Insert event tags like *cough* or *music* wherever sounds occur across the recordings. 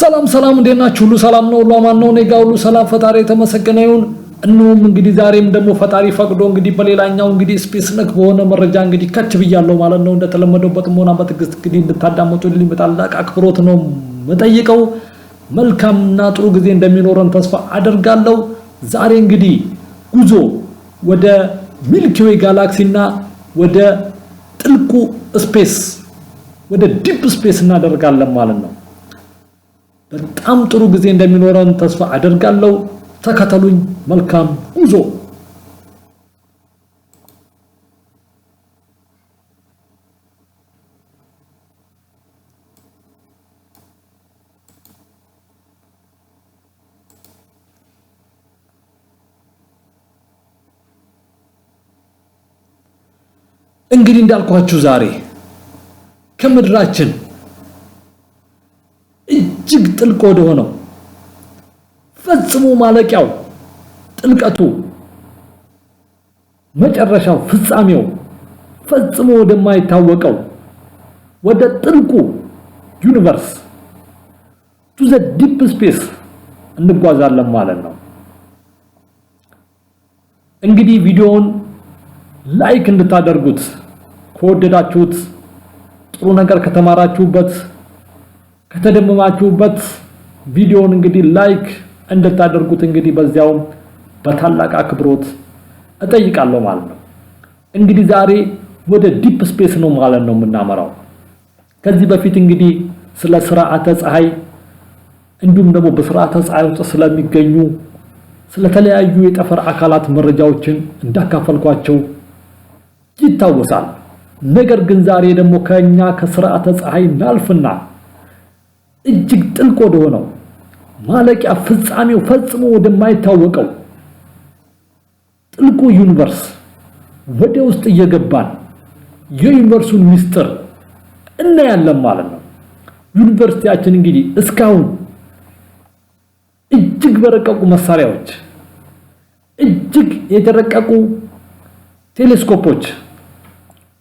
ሰላም ሰላም፣ እንዴት ናችሁ? ሁሉ ሰላም ነው? ሁሉ አማን ነው? እኔ ጋ ሁሉ ሰላም፣ ፈጣሪ የተመሰገነ ይሁን። እንሁም እንግዲህ ዛሬም ደግሞ ፈጣሪ ፈቅዶ እንግዲህ በሌላኛው እንግዲህ ስፔስ ነክ በሆነ መረጃ እንግዲህ ከች ብያለሁ ማለት ነው። እንደተለመደው በጥሞና በትዕግስት እንግዲህ ልኝ በታላቅ አክብሮት ነው መጠይቀው። መልካምና ጥሩ ጊዜ እንደሚኖረን ተስፋ አደርጋለሁ። ዛሬ እንግዲህ ጉዞ ወደ ሚልኪዌ ጋላክሲ እና ወደ ጥልቁ ስፔስ ወደ ዲፕ ስፔስ እናደርጋለን ማለት ነው። በጣም ጥሩ ጊዜ እንደሚኖረን ተስፋ አደርጋለሁ። ተከተሉኝ። መልካም ጉዞ። እንግዲህ እንዳልኳችሁ ዛሬ ከምድራችን ጥልቅ ወደሆነው ፈጽሞ ማለቂያው ጥልቀቱ መጨረሻው ፍጻሜው ፈጽሞ ወደማይታወቀው ወደ ጥልቁ ዩኒቨርስ ቱ ዘ ዲፕ ስፔስ እንጓዛለን ማለት ነው። እንግዲህ ቪዲዮውን ላይክ እንድታደርጉት ከወደዳችሁት ጥሩ ነገር ከተማራችሁበት ከተደመማችሁበት ቪዲዮውን እንግዲህ ላይክ እንድታደርጉት እንግዲህ በዚያውም በታላቅ አክብሮት እጠይቃለሁ ማለት ነው። እንግዲህ ዛሬ ወደ ዲፕ ስፔስ ነው ማለት ነው የምናመራው። ከዚህ በፊት እንግዲህ ስለ ስርዓተ ፀሐይ እንዲሁም ደግሞ በስርዓተ ፀሐይ ውስጥ ስለሚገኙ ስለተለያዩ የጠፈር አካላት መረጃዎችን እንዳካፈልኳቸው ይታወሳል። ነገር ግን ዛሬ ደግሞ ከኛ ከስርዓተ ፀሐይ እናልፍና እጅግ ጥልቅ ወደሆነው ማለቂያ ፍጻሜው ፈጽሞ ወደማይታወቀው ጥልቁ ዩኒቨርስ ወደ ውስጥ እየገባን የዩኒቨርሱን ምስጢር እናያለን ማለት ነው። ዩኒቨርሲቲያችን እንግዲህ እስካሁን እጅግ በረቀቁ መሳሪያዎች፣ እጅግ የተረቀቁ ቴሌስኮፖች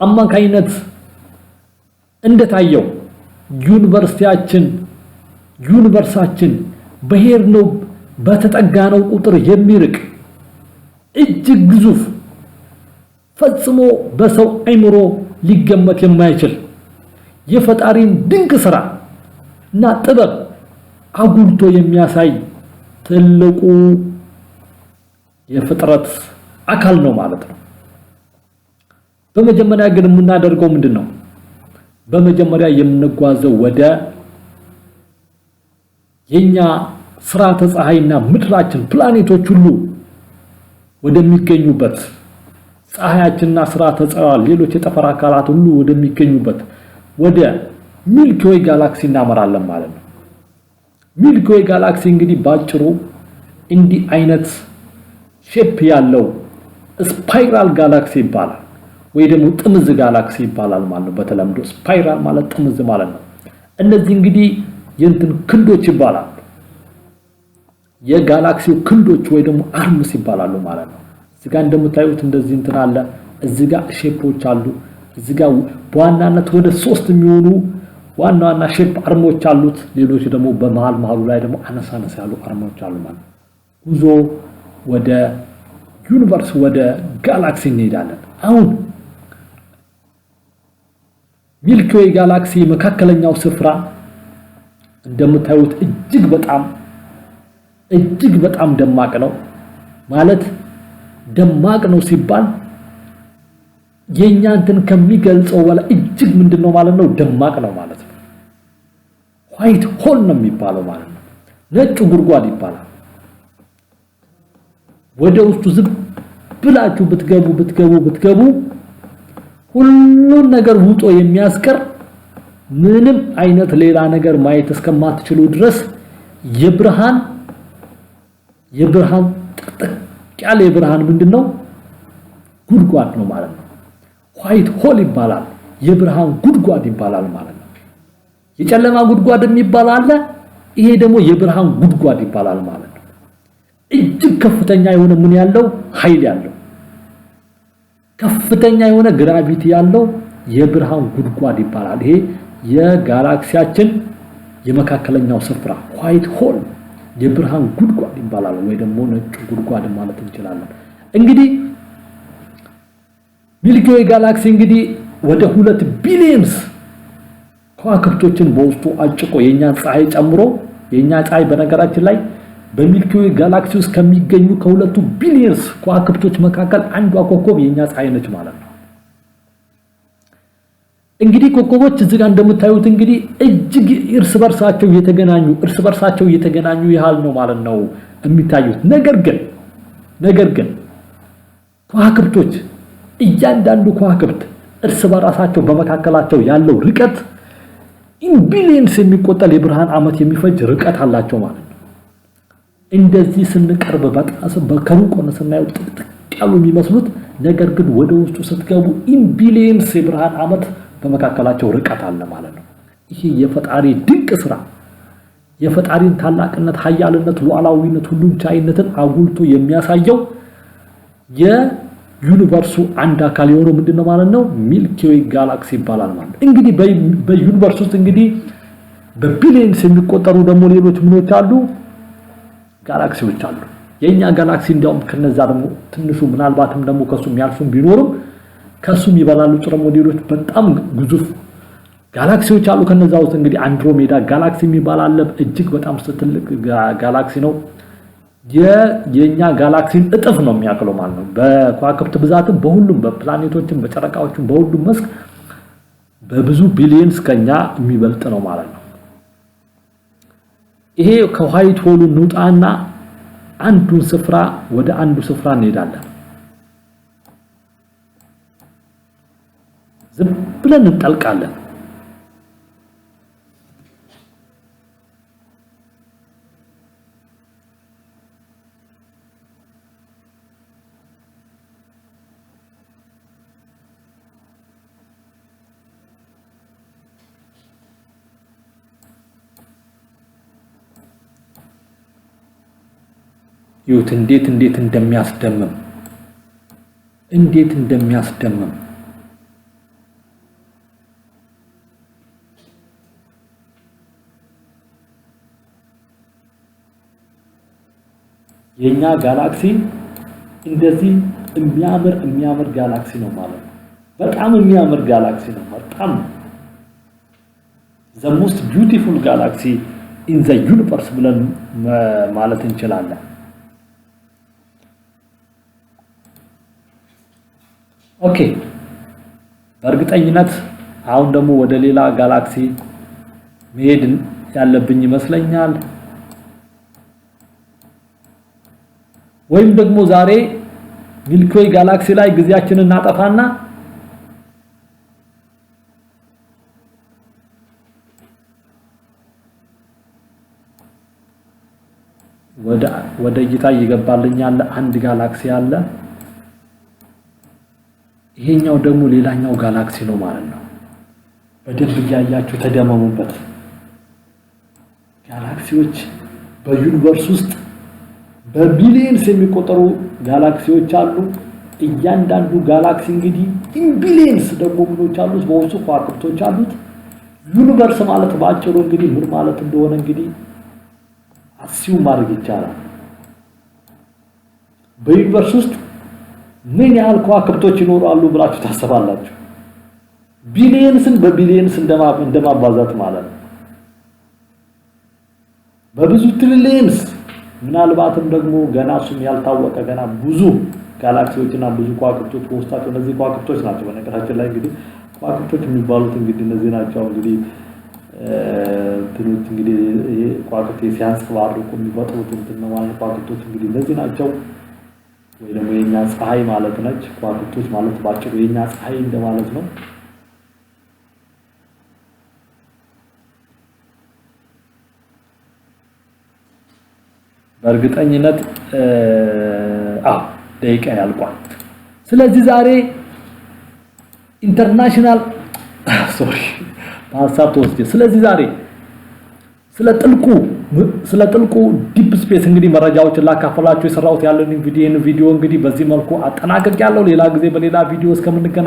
አማካኝነት እንደታየው ዩኒቨርሲቲያችን ዩኒቨርሳችን ነው በተጠጋነው ቁጥር የሚርቅ እጅግ ግዙፍ ፈጽሞ በሰው አይምሮ ሊገመት የማይችል የፈጣሪን ድንቅ ስራ እና ጥበብ አጉልቶ የሚያሳይ ትልቁ የፍጥረት አካል ነው ማለት ነው። በመጀመሪያ ግን የምናደርገው ምንድን ነው? በመጀመሪያ የምንጓዘው ወደ የኛ ስርዓተ ፀሐይና ምድራችን ፕላኔቶች ሁሉ ወደሚገኙበት ፀሐያችንና ስርዓተ ፀሐይዋ ሌሎች የጠፈር አካላት ሁሉ ወደሚገኙበት ወደ ሚልኪዌይ ጋላክሲ እናመራለን ማለት ነው። ሚልኪዌይ ጋላክሲ እንግዲህ ባጭሩ እንዲህ አይነት ሼፕ ያለው ስፓይራል ጋላክሲ ይባላል፣ ወይ ደግሞ ጥምዝ ጋላክሲ ይባላል ማለት ነው። በተለምዶ ስፓይራል ማለት ጥምዝ ማለት ነው። እነዚህ እንግዲህ የእንትን ክንዶች ይባላሉ። የጋላክሲው ክንዶች ወይ ደግሞ አርምስ ይባላሉ ማለት ነው። እዚህ ጋር እንደምታዩት እንደዚህ እንትን አለ። እዚህ ጋር ሼፖች አሉ። እዚህ ጋር በዋናነት ወደ ሶስት የሚሆኑ ዋና ዋና ሼፕ አርሞች አሉት። ሌሎች ደግሞ በመሃል መሃሉ ላይ ደግሞ አነሳነስ ያሉ አርሞች አሉ ማለት ነው። ጉዞ ወደ ዩኒቨርስ ወደ ጋላክሲ እንሄዳለን። አሁን ሚልኪዌይ ጋላክሲ መካከለኛው ስፍራ እንደምታዩት እጅግ በጣም እጅግ በጣም ደማቅ ነው። ማለት ደማቅ ነው ሲባል የእኛ እንትን ከሚገልጸው በላይ እጅግ ምንድን ነው ማለት ነው ደማቅ ነው ማለት ነው። ዋይት ሆል ነው የሚባለው ማለት ነው። ነጩ ጉድጓድ ይባላል። ወደ ውስጡ ዝም ብላችሁ ብትገቡ ብትገቡ ብትገቡ ሁሉን ነገር ውጦ የሚያስቀር ምንም አይነት ሌላ ነገር ማየት እስከማትችሉ ድረስ የብርሃን የብርሃን ጥቅጥቅ ያለ የብርሃን ምንድን ነው? ጉድጓድ ነው ማለት ነው። ኋይት ሆል ይባላል። የብርሃን ጉድጓድ ይባላል ማለት ነው። የጨለማ ጉድጓድ የሚባል አለ። ይሄ ደግሞ የብርሃን ጉድጓድ ይባላል ማለት ነው። እጅግ ከፍተኛ የሆነ ምን ያለው ኃይል ያለው ከፍተኛ የሆነ ግራቪቲ ያለው የብርሃን ጉድጓድ ይባላል። ይሄ የጋላክሲያችን የመካከለኛው ስፍራ ዋይት ሆል የብርሃን ጉድጓድ ይባላል፣ ወይ ደግሞ ነጭ ጉድጓድ ማለት እንችላለን። እንግዲህ ሚልኪዌይ ጋላክሲ እንግዲህ ወደ ሁለት ቢሊየንስ ከዋክብቶችን በውስጡ አጭቆ የእኛን ፀሐይ ጨምሮ የእኛ ፀሐይ በነገራችን ላይ በሚልኪዌ ጋላክሲ ውስጥ ከሚገኙ ከሁለቱ ቢሊየንስ ከዋክብቶች መካከል አንዷ ኮከብ የእኛ ፀሐይ ነች ማለት ነው። እንግዲህ ኮከቦች እዚህ ጋር እንደምታዩት እንግዲህ እጅግ እርስ በርሳቸው እየተገናኙ እርስ በርሳቸው እየተገናኙ ያህል ነው ማለት ነው የሚታዩት። ነገር ግን ነገር ግን ከዋክብቶች እያንዳንዱ ከዋክብት እርስ በራሳቸው በመካከላቸው ያለው ርቀት ኢንቢሊየንስ የሚቆጠል የብርሃን ዓመት የሚፈጅ ርቀት አላቸው ማለት ነው። እንደዚህ ስንቀርብ ከሩቅ ሆነ ስናየው ጥቅጥቅ ያሉ የሚመስሉት ነገር ግን ወደ ውስጡ ስትገቡ ኢንቢሊየንስ የብርሃን ዓመት በመካከላቸው ርቀት አለ ማለት ነው። ይሄ የፈጣሪ ድንቅ ስራ የፈጣሪን ታላቅነት፣ ኃያልነት፣ ሉዓላዊነት፣ ሁሉን ቻይነትን አጉልቶ የሚያሳየው የዩኒቨርሱ አንድ አካል የሆነው ምንድን ነው ማለት ነው ሚልኪዌይ ጋላክሲ ይባላል ማለት ነው። እንግዲህ በዩኒቨርስ ውስጥ እንግዲህ በቢሊየንስ የሚቆጠሩ ደግሞ ሌሎች ምኖች አሉ፣ ጋላክሲዎች አሉ። የእኛ ጋላክሲ እንዲያውም ከነዛ ደግሞ ትንሹ ምናልባትም ደግሞ ከሱ የሚያልፉም ቢኖርም ከሱም ይበላሉ ጥሩ ሞዴሎች በጣም ግዙፍ ጋላክሲዎች አሉ። ከነዛ ውስጥ እንግዲህ አንድሮሜዳ ጋላክሲ የሚባል አለ። እጅግ በጣም ስትልቅ ጋላክሲ ነው። የኛ ጋላክሲን እጥፍ ነው የሚያክለው ማለት ነው። በከዋክብት ብዛትም፣ በሁሉም በፕላኔቶችም፣ በጨረቃዎችም፣ በሁሉም መስክ በብዙ ቢሊየንስ ከኛ የሚበልጥ ነው ማለት ነው። ይሄ ከዋይት ሆሉ እንውጣና አንዱን ስፍራ ወደ አንዱ ስፍራ እንሄዳለን። ዝም ብለን እንጠልቃለን። ይሁት እንዴት እንዴት እንደሚያስደምም እንዴት እንደሚያስደምም የእኛ ጋላክሲ እንደዚህ የሚያምር የሚያምር ጋላክሲ ነው ማለት ነው። በጣም የሚያምር ጋላክሲ ነው። በጣም the most beautiful galaxy in the universe ብለን ማለት እንችላለን። ኦኬ በእርግጠኝነት አሁን ደግሞ ወደ ሌላ ጋላክሲ መሄድ ያለብኝ ይመስለኛል። ወይም ደግሞ ዛሬ ሚልክዌይ ጋላክሲ ላይ ጊዜያችንን እናጠፋና ወደ ወደ እይታ ይገባልኝ ያለ አንድ ጋላክሲ አለ። ይሄኛው ደግሞ ሌላኛው ጋላክሲ ነው ማለት ነው። በደንብ እያያችሁ ተደመሙበት። ጋላክሲዎች በዩኒቨርስ ውስጥ በቢሊየንስ የሚቆጠሩ ጋላክሲዎች አሉ። እያንዳንዱ ጋላክሲ እንግዲህ ኢንቢሊየንስ ደግሞ ምኖች አሉት፣ በውስጡ ከዋክብቶች አሉት። ዩኒቨርስ ማለት በአጭሩ እንግዲህ ምን ማለት እንደሆነ እንግዲህ አሲው ማድረግ ይቻላል። በዩኒቨርስ ውስጥ ምን ያህል ከዋክብቶች ይኖራሉ ብላችሁ ታስባላችሁ? ቢሊየንስን በቢሊየንስ እንደማባዛት ማለት ነው። በብዙ ትሪሊየንስ ምናልባትም ደግሞ ገና እሱም ያልታወቀ ገና ብዙ ጋላክሲዎች እና ብዙ ከዋክብቶች በውስጣቸው እነዚህ ከዋክብቶች ናቸው። በነገራችን ላይ እንግዲህ ከዋክብቶች የሚባሉት እንግዲህ እነዚህ ናቸው። እንግዲህ እንትኖች እንግዲህ ከዋክብት ሲያንጸባርቁ የሚፈጥሩት እንትን ነው ማለት ከዋክብቶች እንግዲህ እነዚህ ናቸው። ወይ ደግሞ የኛ ፀሐይ ማለት ነች። ከዋክብቶች ማለት ባጭሩ የኛ ፀሐይ እንደማለት ነው። እርግጠኝነት አዎ ደቂቃ ያልቋል። ስለዚህ ዛሬ ኢንተርናሽናል *laughs* ሶሪ በሀሳብ ተወስጄ ስለዚህ ዛሬ ስለ ጥልቁ ስለ ጥልቁ ዲፕ ስፔስ እንግዲህ መረጃዎችን ላካፈላችሁ የሰራሁት ያለን ቪዲዮ እንግዲህ በዚህ መልኩ አጠናቀቅ ያለው ሌላ ጊዜ በሌላ ቪዲዮ እስከምንገናኝ